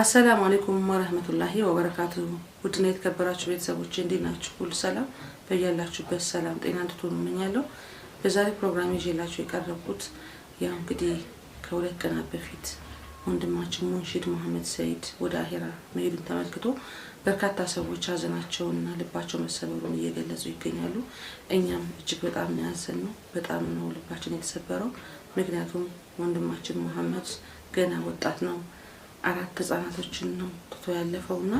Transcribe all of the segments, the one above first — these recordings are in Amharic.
አሰላሙ አሌይኩም ወረህመቱላሂ ወበረካቱ። ውድና የተከበራችሁ ቤተሰቦች እንዴት ናችሁ? ሁሉ ሰላም በያላችሁበት ሰላም ጤና እንድትሆኑ እመኛለሁ። በዛሬ ፕሮግራም ይዤላችሁ የቀረብኩት ያው እንግዲህ ከሁለት ቀናት በፊት ወንድማችን ሙንሺድ መሀመድ ሰይድ ወደ አሄራ መሄዱን ተመልክቶ በርካታ ሰዎች ሀዘናቸውንና ልባቸው መሰበሩን እየገለጹ ይገኛሉ። እኛም እጅግ በጣም ያዘን ነው፣ በጣም ነው ልባችን የተሰበረው። ምክንያቱም ወንድማችን መሀመድ ገና ወጣት ነው አራት ህጻናቶችን ነው ትቶ ያለፈው እና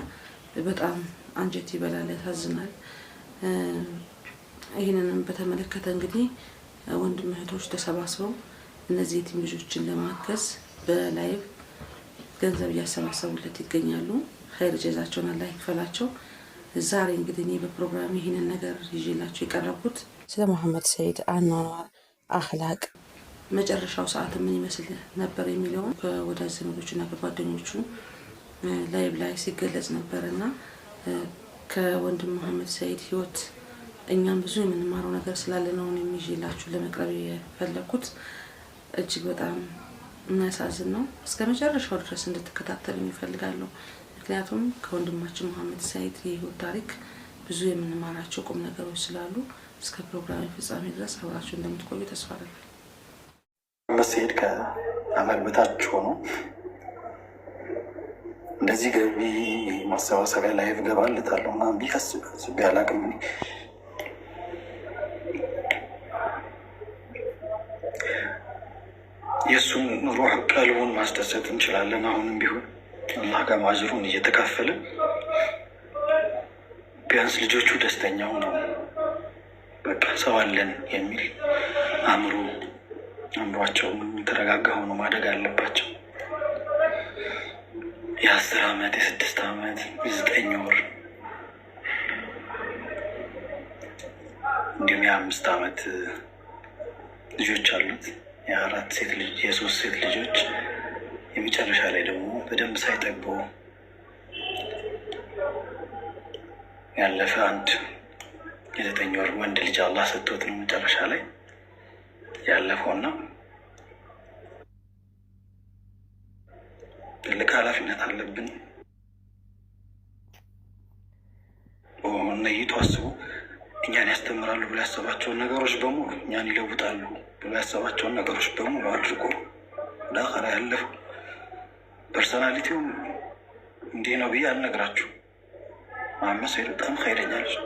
በጣም አንጀት ይበላል፣ ያሳዝናል። ይህንንም በተመለከተ እንግዲህ ወንድም እህቶች ተሰባስበው እነዚህ የቲም ልጆችን ለማገዝ በላይቭ ገንዘብ እያሰባሰቡለት ይገኛሉ። ኸይር ጀዛቸውን አላህ ይክፈላቸው። ዛሬ እንግዲህ እኔ በፕሮግራም ይህንን ነገር ይዤላቸው የቀረብኩት ስለ መሐመድ ሰይድ አኗኗር አኽላቅ መጨረሻው ሰዓት ምን ይመስል ነበር የሚለውን ከወዳጅ ዘመዶቹና ከጓደኞቹ ላይብ ላይ ሲገለጽ ነበር እና ከወንድም መሀመድ ሰይድ ህይወት እኛም ብዙ የምንማረው ነገር ስላለ ነው የሚላችሁ ለመቅረብ የፈለግኩት። እጅግ በጣም የሚያሳዝን ነው። እስከ መጨረሻው ድረስ እንድትከታተሉ ይፈልጋለሁ። ምክንያቱም ከወንድማችን መሀመድ ሰይድ የህይወት ታሪክ ብዙ የምንማራቸው ቁም ነገሮች ስላሉ እስከ ፕሮግራም ፍጻሜ ድረስ አብራችሁ እንደምትቆዩ ተስፋ አደርጋለሁ። ድረስ ሲሄድ ከአመል በታች ሆኖ እንደዚህ ገቢ ማሰባሰቢያ ላይ እገባለታለሁ እና ቢያስ ቢያላቅም የእሱም ሩህ ቀልቡን ማስደሰት እንችላለን። አሁንም ቢሆን አላህ ጋር ማጅሩን እየተካፈለ ቢያንስ ልጆቹ ደስተኛው ነው በቃ ሰው አለን የሚል አእምሮ አእምሯቸውም የተረጋጋ ሆኖ ማደግ አለባቸው። የአስር ዓመት የስድስት ዓመት የዘጠኝ ወር እንዲሁም የአምስት ዓመት ልጆች አሉት። የአራት ሴት ልጅ የሶስት ሴት ልጆች የመጨረሻ ላይ ደግሞ በደንብ ሳይጠግቡ ያለፈ አንድ የዘጠኝ ወር ወንድ ልጅ አላህ ሰጥቶት ነው መጨረሻ ላይ ያለፈውና ትልቅ ኃላፊነት አለብን። እነይቱ አስቡ እኛን ያስተምራሉ ብሎ ያሰባቸውን ነገሮች በሙሉ እኛን ይለውጣሉ ብሎ ያሰባቸውን ነገሮች በሙሉ አድርጎ ወደ አኸራ ያለፈው ፐርሶናሊቲውም እንዲህ ነው ብዬ አልነግራችሁ። መሐመድ ሰይድ በጣም ኸይረኛ ልጅ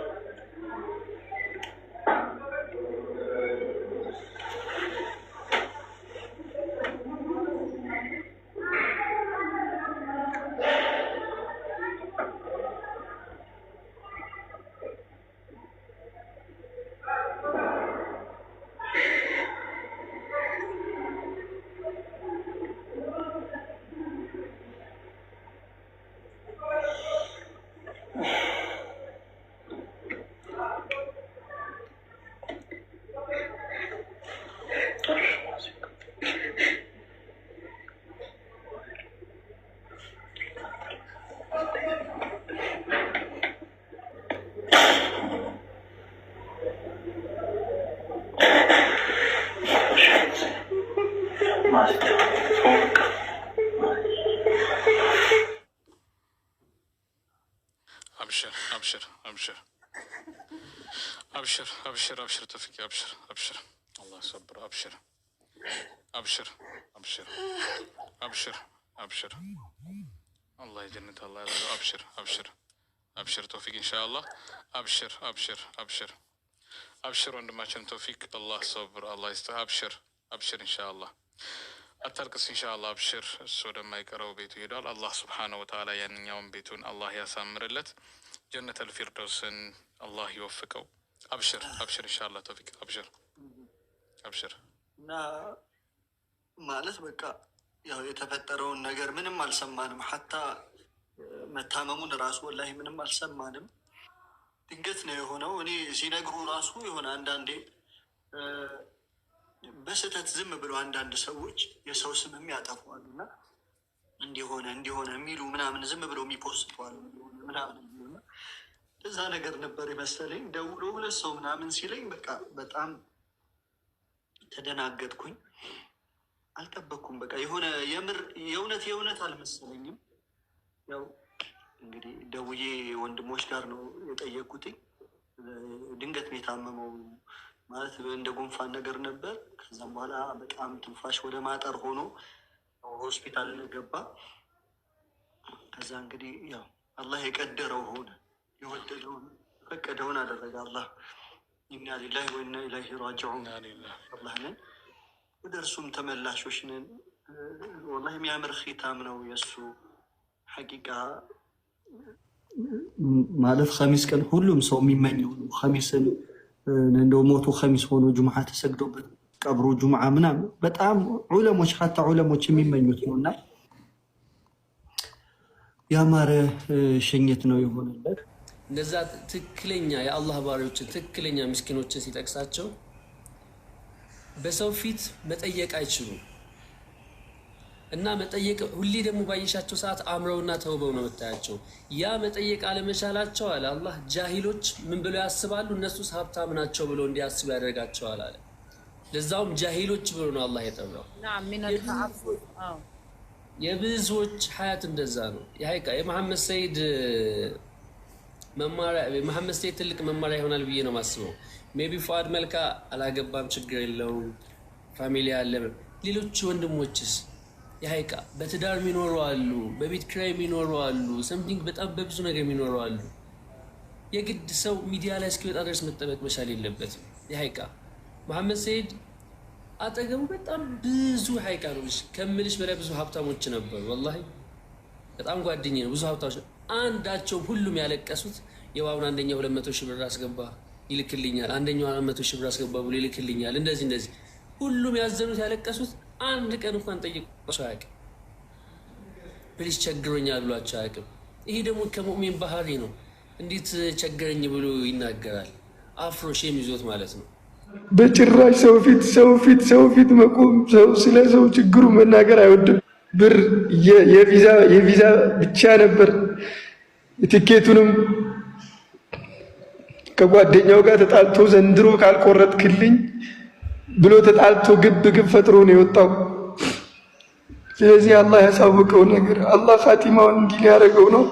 አብሽር አብሽር አብሽር አብሽር አብሽር አብሽር ተፍቂ አብሽር አብሽር አላህ ሰብር አብሽር አብሽር አብሽር አብሽር አብሽር አላህ የጀነት አላህ ያደረገው አብሽር አብሽር አብሽር ቶፊቅ ኢንሻአላህ አብሽር አብሽር አብሽር አብሽር ወንድማችን ቶፊቅ አላህ ሰብር አላህ ይስጥህ አብሽር አብሽር ኢንሻአላህ አታልቅስ ኢንሻአላህ አብሽር። እሱ ወደማይቀረው ቤቱ ይሄዳል። አላህ ስብሓነ ወተዓላ ያንኛውን ቤቱን አላህ ያሳምርለት። ጀነተል ፊርደውስን አላህ ይወፍቀው። አብሽር አብሽር፣ ኢንሻአላህ ተውፊቅ። አብሽር አብሽር። እና ማለት በቃ ያው የተፈጠረውን ነገር ምንም አልሰማንም። ሀታ መታመሙን ራሱ ወላሂ ምንም አልሰማንም። ድንገት ነው የሆነው። እኔ ሲነግሩ ራሱ የሆነ አንዳንዴ በስህተት ዝም ብሎ አንዳንድ ሰዎች የሰው ስምም ያጠፋሉ እና እንዲሆነ እንዲሆነ የሚሉ ምናምን ዝም ብሎ የሚፖስተዋል ምናምን እዛ ነገር ነበር የመሰለኝ። ደውሎ ሁለት ሰው ምናምን ሲለኝ በቃ በጣም ተደናገጥኩኝ። አልጠበኩም በቃ የሆነ የምር የእውነት የእውነት አልመሰለኝም። ያው እንግዲህ ደውዬ ወንድሞች ጋር ነው የጠየኩትኝ። ድንገት ነው የታመመው ማለት እንደ ጉንፋን ነገር ነበር። ከዛም በኋላ በጣም ትንፋሽ ወደ ማጠር ሆኖ ሆስፒታል ገባ። ከዛ እንግዲህ ያው አላህ የቀደረው ሆነ፣ የወደደውን ፈቀደውን አደረገ አላህ። ኢና ሊላሂ ወኢና ኢለይሂ ራጅዑን አላህ ነን፣ ወደ እርሱም ተመላሾች ነን። ወላሂ የሚያምር ኺታም ነው የእሱ ሐቂቃ ማለት ኸሚስ ቀን ሁሉም ሰው የሚመኘው ኸሚስን እንደው ሞቶ ከሚስ ሆኖ ጁምዓ ተሰግዶበት ቀብሮ ጁምዓ ምናምን በጣም ዑለሞች ሀታ ዑለሞች የሚመኙት ነው እና ሸኘት ነው የሆነለት። እነዛ ትክክለኛ የአላህ ባሪዎችን ትክክለኛ ምስኪኖችን ሲጠቅሳቸው በሰው ፊት መጠየቅ አይችሉም። እና መጠየቅ ሁሌ ደግሞ ባየሻቸው ሰዓት አምረውና ተውበው ነው የምታያቸው። ያ መጠየቅ አለመቻላቸው አለ አላህ ጃሂሎች ምን ብለው ያስባሉ እነሱስ ሀብታም ናቸው ብለው እንዲያስቡ ያደርጋቸዋል አለ። ለዛውም ጃሂሎች ብሎ ነው አላህ የጠራው። የብዙዎች ሀያት እንደዛ ነው። ይሀይቃ የመሐመድ ሰይድ መማሪያ ሰይድ ትልቅ መማሪያ ይሆናል ብዬ ነው ማስበው። ሜቢ ፉአድ መልካ አላገባም ችግር የለውም ፋሚሊ አለ። ሌሎች ወንድሞችስ የሀይቃ በትዳር የሚኖሩ አሉ፣ በቤት ኪራይ የሚኖሩ አሉ፣ ሰምቲንግ በጣም በብዙ ነገር የሚኖሩ አሉ። የግድ ሰው ሚዲያ ላይ እስኪወጣ ድረስ መጠበቅ መቻል የለበትም። የሀይቃ መሐመድ ሰይድ አጠገቡ በጣም ብዙ ሀይቃ ነው ከምልሽ በላይ ብዙ ሀብታሞች ነበሩ። ወላሂ በጣም ጓደኛ ነው። ብዙ ሀብታሞች አንዳቸው ሁሉም ያለቀሱት የባቡን አንደኛ ሁለት መቶ ሺህ ብር አስገባ ይልክልኛል፣ አንደኛው አራት መቶ ሺህ ብር አስገባ ብሎ ይልክልኛል፣ እንደዚህ እንደዚህ ሁሉም ያዘኑት ያለቀሱት አንድ ቀን እንኳን ሰው አያውቅም። ፕሊስ ቸግሮኛል ብሏቸው አያውቅም። ይሄ ደግሞ ከሙእሚን ባህሪ ነው። እንዴት ቸገረኝ ብሎ ይናገራል? አፍሮ ሼም ይዞት ማለት ነው። በጭራሽ ሰው ፊት ሰው ፊት ሰው ፊት መቆም ሰው ስለ ሰው ችግሩ መናገር አይወድም። ብር የቪዛ ብቻ ነበር። ትኬቱንም ከጓደኛው ጋር ተጣልቶ ዘንድሮ ካልቆረጥክልኝ ብሎ ተጣልቶ ግብ ግብ ፈጥሮ ነው የወጣው። ስለዚህ አላህ ያሳወቀው ነገር አላህ ፋቲማውን እንዲህ ያደረገው ነው።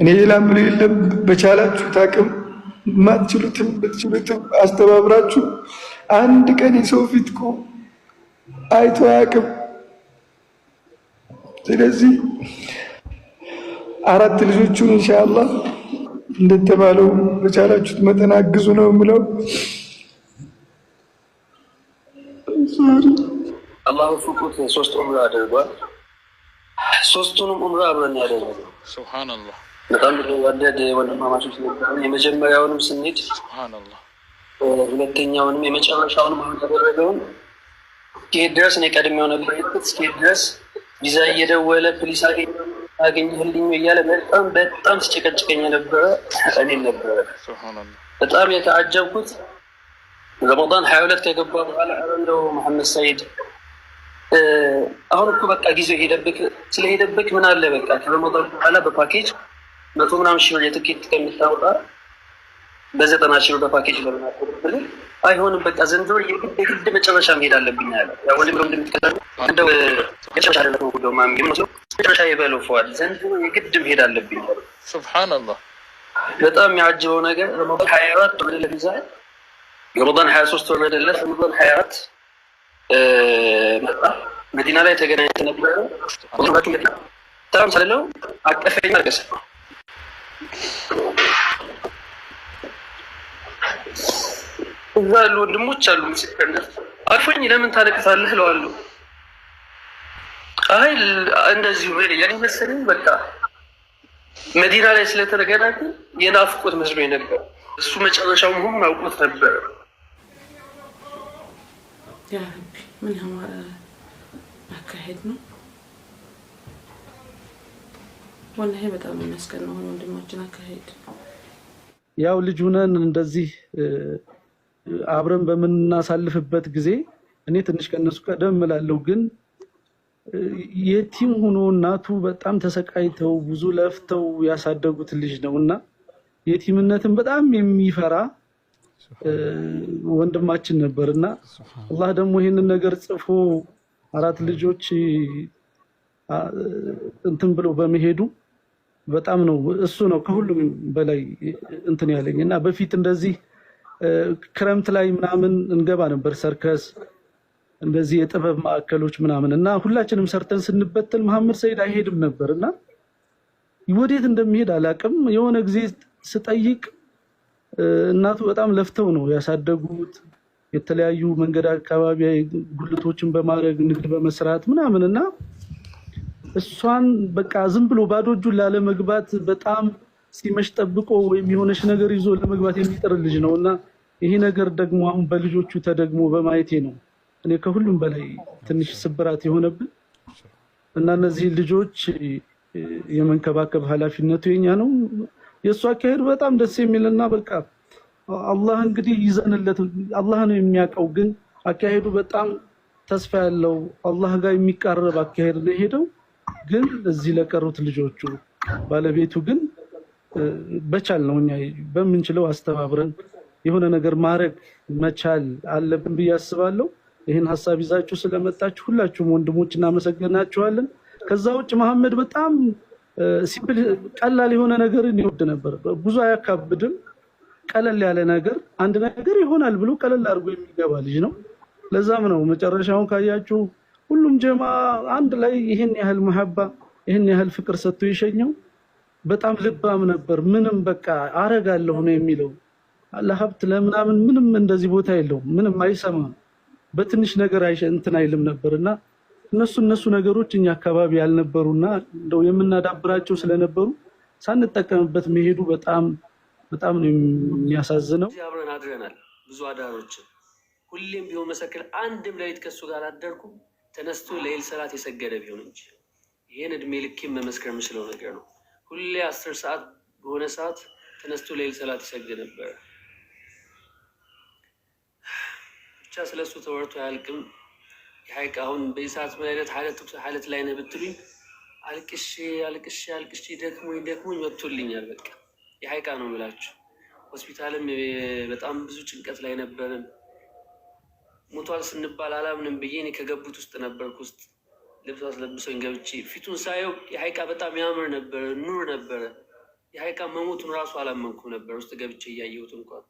እኔ ሌላም ብሎ የለም። በቻላችሁት አቅም ማትችሉትም ብትችሉትም አስተባብራችሁ አንድ ቀን የሰው ፊት እኮ አይቶ አያውቅም። ስለዚህ አራት ልጆቹን እንሻአላህ እንደተባለው በቻላችሁት መጠን አግዙ ነው የምለው። አላህ ፍቁት ሶስት ኡምራ አድርጓል። ሶስቱንም ኡምራ አብረን ያደረገው ሱብሃነላህ። በጣም ወደድ ወንድማማቾች የመጀመሪያውንም ስንሄድ ሁለተኛውንም የመጨረሻውንም ያደረገውን እስከሄድ ድረስ ነው የቀድሜው ነበር የት እስከሄድ ድረስ ቪዛ እየደወለ ፕሊስ አገኘህልኝ እያለ በጣም በጣም ስጨቀጭቀኝ የነበረ እኔም ነበረ። በጣም የተዓጀብኩት ረመዳን ሀያ ሁለት ከገባ በኋላ እንደው መሐመድ ሰይድ አሁን እኮ በቃ ጊዜው ሄደብክ። ስለሄደብክ ምን አለ በቃ ከመጣ በኋላ በፓኬጅ መቶ ምናምን ሺ ብር የትኬት ከምታወጣ በዘጠና ሺ ብር በፓኬጅ ለምናቆብል አይሆንም። በቃ ዘንድሮ የግድ መጨረሻ መሄድ አለብኝ ያለ ወንድም ሮ እንደምትከእንደው መጨረሻ ደለ ጉደማ የሚመስለው መጨረሻ የበለፈዋል ዘንድሮ የግድ መሄድ አለብኝ ያለ ሱብሓነላህ። በጣም የሚያጅበው ነገር ሀያ አራት ወረደለት ዛ ረመዳን ሀያ ሶስት ወረደለት ረመዳን ሀያ አራት መዲና ላይ ተገናኝተን ነበረ። ሰላም ስላለው አቀፈኝ አልቀሰ እዛ ያሉ ወንድሞች አሉ። ሲከነፍ አቅፎኝ ለምን ታለቅሳለህ እለዋለሁ። አይ እንደዚሁ ያኔ መሰለኝ በቃ መዲና ላይ ስለተገናኘን የናፍቆት መስሎኝ ነበር። እሱ መጨረሻው መሆኑን አውቆት ነበር። ምን ያማረ አካሄድ ነው ወላሂ። በጣም የሚያስቀናው ወንድማችን አካሄድ። ያው ልጅ ሁነን እንደዚህ አብረን በምናሳልፍበት ጊዜ እኔ ትንሽ ከነሱ ቀደም እላለሁ ግን የቲም ሆኖ እናቱ በጣም ተሰቃይተው ብዙ ለፍተው ያሳደጉት ልጅ ነው እና የቲምነትን በጣም የሚፈራ ወንድማችን ነበር እና አላህ ደግሞ ይህንን ነገር ጽፎ አራት ልጆች እንትን ብሎ በመሄዱ በጣም ነው እሱ ነው ከሁሉም በላይ እንትን ያለኝ እና በፊት እንደዚህ ክረምት ላይ ምናምን እንገባ ነበር ሰርከስ እንደዚህ የጥበብ ማዕከሎች ምናምን እና ሁላችንም ሰርተን ስንበተን መሐመድ ሰይድ አይሄድም ነበር እና ወዴት እንደሚሄድ አላቅም የሆነ ጊዜ ስጠይቅ እናቱ በጣም ለፍተው ነው ያሳደጉት። የተለያዩ መንገድ አካባቢ ጉልቶችን በማድረግ ንግድ በመስራት ምናምን እና እሷን በቃ ዝም ብሎ ባዶ እጁን ላለመግባት በጣም ሲመሽ ጠብቆ ወይም የሆነች ነገር ይዞ ለመግባት የሚጥር ልጅ ነው እና ይሄ ነገር ደግሞ አሁን በልጆቹ ተደግሞ በማየቴ ነው እኔ ከሁሉም በላይ ትንሽ ስብራት የሆነብን እና እነዚህ ልጆች የመንከባከብ ኃላፊነቱ የኛ ነው። የእሱ አካሄድ በጣም ደስ የሚልና በቃ አላህ እንግዲህ ይዘንለት አላህ ነው የሚያውቀው። ግን አካሄዱ በጣም ተስፋ ያለው አላህ ጋር የሚቃረብ አካሄድ ነው የሄደው። ግን እዚህ ለቀሩት ልጆቹ ባለቤቱ ግን በቻል ነው እኛ በምንችለው አስተባብረን የሆነ ነገር ማድረግ መቻል አለብን ብዬ አስባለሁ። ይህን ሀሳብ ይዛችሁ ስለመጣችሁ ሁላችሁም ወንድሞች እናመሰግናችኋለን። ከዛ ውጭ መሐመድ በጣም ሲምፕል ቀላል የሆነ ነገርን ይወድ ነበር። ብዙ አያካብድም። ቀለል ያለ ነገር አንድ ነገር ይሆናል ብሎ ቀለል አድርጎ የሚገባ ልጅ ነው። ለዛም ነው መጨረሻውን ካያችሁ ሁሉም ጀማ አንድ ላይ ይህን ያህል መሀባ ይህን ያህል ፍቅር ሰጥቶ የሸኘው በጣም ልባም ነበር። ምንም በቃ አረጋለሁ ነው የሚለው። ለሀብት ለምናምን ምንም እንደዚህ ቦታ የለውም። ምንም አይሰማም። በትንሽ ነገር እንትን አይልም ነበር እና እነሱ እነሱ ነገሮች እኛ አካባቢ ያልነበሩና እንደው የምናዳብራቸው ስለነበሩ ሳንጠቀምበት መሄዱ በጣም በጣም ነው የሚያሳዝነው። አብረን አድረናል ብዙ አዳሮችን። ሁሌም ቢሆን መሰክል አንድም ሌሊት ከሱ ጋር አደርኩም ተነስቶ ለይል ሰላት የሰገደ ቢሆን እንጂ ይህን እድሜ ልኬን መመስከር የምችለው ነገር ነው። ሁሌ አስር ሰዓት በሆነ ሰዓት ተነስቶ ለይል ሰላት ይሰግድ ነበር። ብቻ ስለሱ ተወርቶ አያልቅም። ሀይቅ አሁን በኢሳት ምን አይነት ሀለት ላይ ነው ብትሉኝ፣ አልቅሼ አልቅሼ አልቅሼ ደክሞኝ ደክሞኝ ወጥቶልኛል። በቃ የሀይቃ ነው ምላችሁ ሆስፒታልም በጣም ብዙ ጭንቀት ላይ ነበርን። ሞቷል ስንባል አላምንም ብዬ እኔ ከገቡት ውስጥ ነበርኩ። ውስጥ ልብስ አስለብሰኝ ገብቼ ፊቱን ሳየው የሀይቃ በጣም ያምር ነበረ፣ ኑር ነበረ። የሀይቃ መሞቱን ራሱ አላመንኩ ነበር ውስጥ ገብቼ እያየሁት እንኳን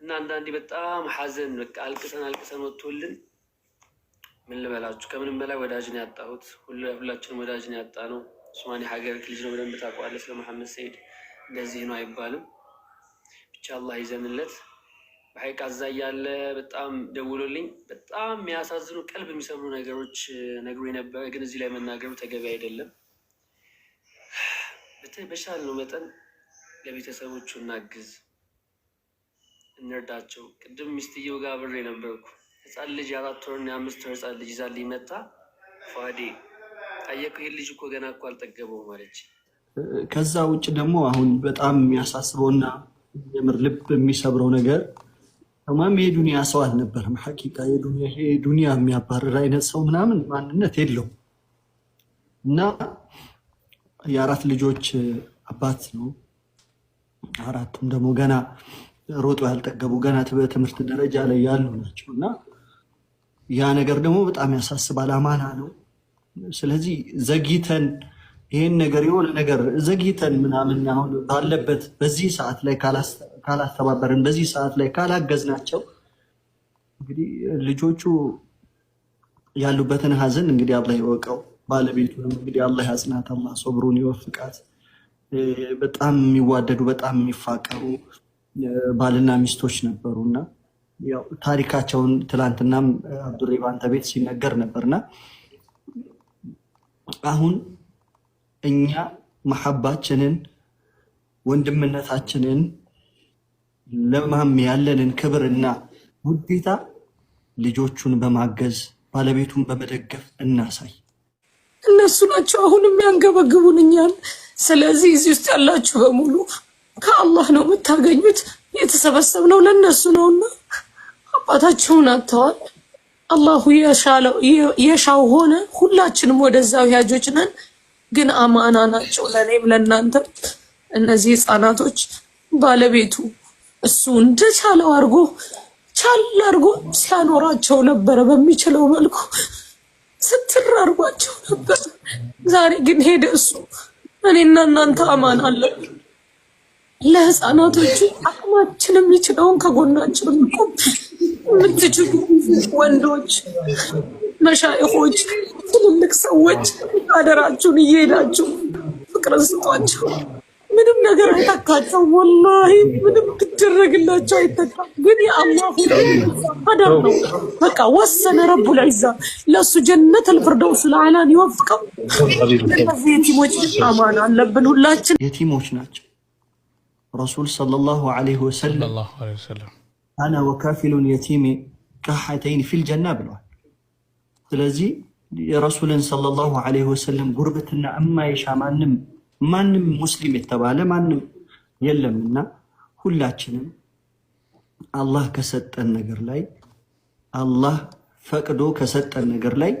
እና አንዳንዴ በጣም ሀዘን በቃ አልቅሰን አልቅሰን ወጥቶልን ምን ልበላችሁ፣ ከምንም በላይ ወዳጅን ያጣሁት ሁላችንም ወዳጅን ያጣ ነው። ሶማሌ ሀገር ልጅ ነው፣ በደንብ ታውቀዋለህ። ስለ መሐመድ ሰይድ እንደዚህ ነው አይባልም። ብቻ አላህ ይዘንለት። በሀይቅ አዛ ያለ በጣም ደውሎልኝ በጣም የሚያሳዝኑ ቀልብ የሚሰብሩ ነገሮች ነግሮ ነበረ፣ ግን እዚህ ላይ መናገሩ ተገቢ አይደለም። በቻልነው መጠን ለቤተሰቦቹ እናግዝ፣ እንርዳቸው። ቅድም ሚስትየው ጋር አብሬ ነበርኩ። ህፃን ልጅ የአራት ወርና የአምስት ወር ህፃን ልጅ ይዛል ሊመጣ ፏዴ ጠየቅ። ይህ ልጅ እኮ ገና እኮ አልጠገበው ማለች። ከዛ ውጭ ደግሞ አሁን በጣም የሚያሳስበውና የምር ልብ የሚሰብረው ነገር ተማም የዱኒያ ሰው አልነበረም። ሐቂቃ የዱኒያ የሚያባርር አይነት ሰው ምናምን ማንነት የለው እና የአራት ልጆች አባት ነው። አራቱም ደግሞ ገና ሮጦ ያልጠገቡ ገና በትምህርት ደረጃ ላይ ያሉ ናቸው እና ያ ነገር ደግሞ በጣም ያሳስባል። አማና ነው። ስለዚህ ዘግይተን ይህን ነገር የሆነ ነገር ዘግይተን ምናምን አሁን ባለበት በዚህ ሰዓት ላይ ካላስተባበርን፣ በዚህ ሰዓት ላይ ካላገዝናቸው እንግዲህ ልጆቹ ያሉበትን ሀዘን እንግዲህ አላህ ይወቀው። ባለቤቱንም እንግዲህ አላህ ያጽናት፣ አላህ ሶብሩን ይወፍቃት። በጣም የሚዋደዱ በጣም የሚፋቀሩ ባልና ሚስቶች ነበሩና ታሪካቸውን ትላንትናም አብዱሬ በአንተ ቤት ሲነገር ነበርና አሁን እኛ መሐባችንን ወንድምነታችንን ለማም ያለንን ክብርና ውዴታ ልጆቹን በማገዝ ባለቤቱን በመደገፍ እናሳይ። እነሱ ናቸው አሁን የሚያንገበግቡን እኛን። ስለዚህ እዚህ ውስጥ ያላችሁ በሙሉ ከአላህ ነው የምታገኙት። የተሰበሰብነው ለእነሱ ነውና አባታቸውን አጥተዋል። አላሁ የሻው ሆነ። ሁላችንም ወደዛው ያጆች ነን፣ ግን አማና ናቸው ለእኔም ለእናንተ። እነዚህ ህፃናቶች ባለቤቱ እሱ እንደቻለው አድርጎ ቻል አድርጎ ሲያኖራቸው ነበረ፣ በሚችለው መልኩ ስትር አድርጓቸው ዛሬ ግን ሄደ እሱ። እኔና እናንተ አማን አለብን ለህፃናቶቹ፣ አቅማችን የሚችለውን ከጎናችን ቆም የምትችሉ ወንዶች፣ መሻይኾች፣ ትልልቅ ሰዎች አደራችሁን እየሄዳችሁ ፍቅር ስጧቸው። ምንም ነገር አይተካቸው። ወላሂ ምንም ትደረግላቸው አይተካም። ግን የአላሁ ቀደር ነው። በቃ ወሰነ ረቡል ዒዛ ለእሱ ጀነት አልፊርደውስ ለአላን ይወፍቀው። እነዚህ የቲሞች አማን አለብን ሁላችን የቲሞች ናቸው። ረሱል ሰለላሁ ዐለይሂ ወሰለም አና ወካፊሉን የቲሜ ቀሐተይን ፊል ጀና ብለዋል። ስለዚህ የረሱልን ሰለላሁ ዐለይሂ ወሰለም ጉርብትና እማይሻ ማንም ማንም ሙስሊም የተባለ ማንም የለምና ሁላችንም አላህ ከሰጠን ነገር ላይ አላህ ፈቅዶ ከሰጠን ነገር ላይ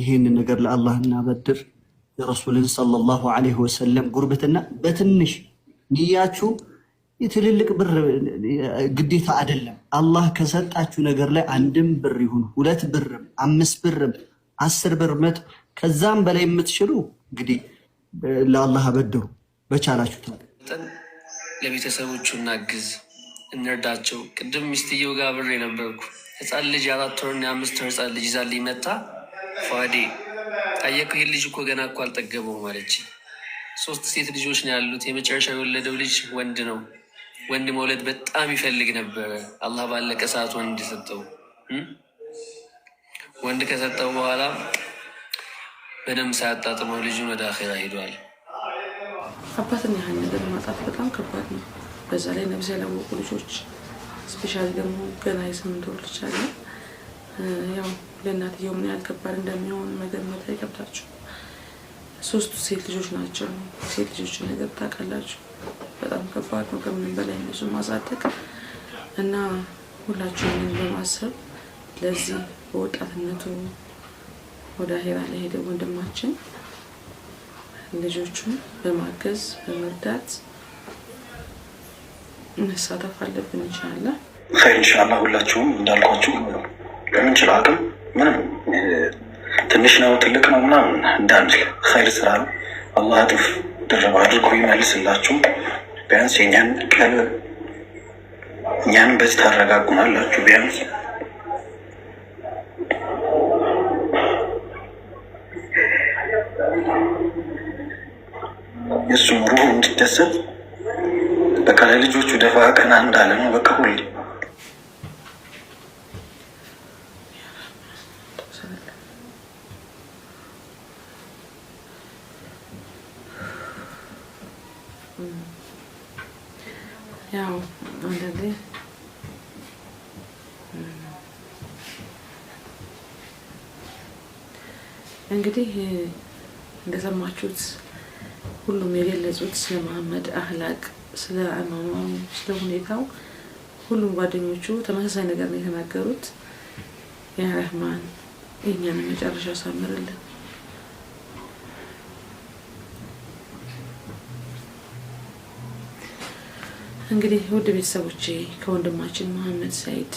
ይህንን ነገር ለአላህ እናበድር። የረሱልን ሰለላሁ ዐለይሂ ወሰለም ጉርብትና በትንሽ ንያችሁ የትልልቅ ብር ግዴታ አይደለም። አላህ ከሰጣችሁ ነገር ላይ አንድም ብር ይሁን ሁለት ብርም አምስት ብርም አስር ብር መቶ ከዛም በላይ የምትችሉ እንግዲህ ለአላህ አበድሩ በቻላችሁ። ለቤተሰቦቹ እናግዝ፣ እንርዳቸው። ቅድም ሚስትየው ጋር ብር የነበርኩ ህፃን ልጅ የአራት ወር የአምስት ወር ህፃን ልጅ ይዛል ሊመጣ ፏዴ ጠየቁ። ይህ ልጅ እኮ ገና እኮ አልጠገበውም አለች። ሶስት ሴት ልጆች ነው ያሉት። የመጨረሻ የወለደው ልጅ ወንድ ነው። ወንድ መውለድ በጣም ይፈልግ ነበረ። አላህ ባለቀ ሰዓት ወንድ ሰጠው። ወንድ ከሰጠው በኋላ በደንብ ሳያጣጥመው ልጁን ወደ አኼራ አባትን ያህል ነገር ማጣት በጣም ከባድ ነው። በዛ ላይ ነብስ ያላወቁ ልጆች ስፔሻሊ ደግሞ ገና የስምንት ወር ልጅ አለ። ያው ለእናትየው ምን ያህል ከባድ እንደሚሆን መገመት አይከብዳችሁ። ሶስቱ ሴት ልጆች ናቸው። ሴት ልጆች ነገር ታውቃላችሁ በጣም ከባድ ነው፣ ከምንም በላይ ልጅ ማሳደግ እና ሁላችሁንም በማሰብ ለዚህ በወጣትነቱ ወደ አሄራ ለሄደ ወንድማችን ልጆቹን በማገዝ በመርዳት መሳተፍ አለብን። እንችላለን። ኢንሻላ ሁላችሁም እንዳልኳችሁ በምንችል አቅም ምንም ትንሽ ነው ትልቅ ነው ምናምን እንዳንል ኸይር ስራ ነው አላህ አጥፍ ድርብ አድርጎ ይመልስላችሁ። ቢያንስ የኛን ቀል እኛን በዚህ ታረጋጉናላችሁ። ቢያንስ የእሱም ሩህ እንዲደሰት በቃ ለልጆቹ ደፋ ቀና እንዳለ ነው በቃ ሁሌ እንዳያችሁት ሁሉም የገለጹት ስለ መሀመድ አህላቅ፣ ስለ አማማው፣ ስለ ሁኔታው ሁሉም ጓደኞቹ ተመሳሳይ ነገር ነው የተናገሩት። ያ ረህማን የእኛን መጨረሻ ሳምርልን። እንግዲህ ውድ ቤተሰቦቼ ከወንድማችን መሀመድ ሳይድ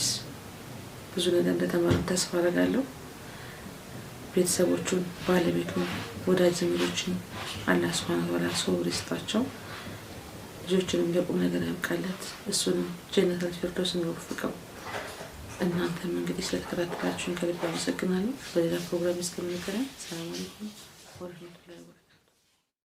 ብዙ ነገር እንደተማርን ተስፋ አደርጋለሁ። ቤተሰቦቹን፣ ባለቤቱን፣ ወዳጅ ዘመዶችን አላህ ሱብሃነሁ ወተዓላ ሶብር ይስጣቸው። ልጆችንም ለቁም ነገር ያብቃለት። እሱንም ጀነተል ፊርደውስን ይወፍቀው። እናንተም እንግዲህ ስለተከታተላችሁን ከልብ አመሰግናለሁ። በሌላ ፕሮግራም እስከምንገናኝ ሰላም አለይኩም ወረህመቱላሂ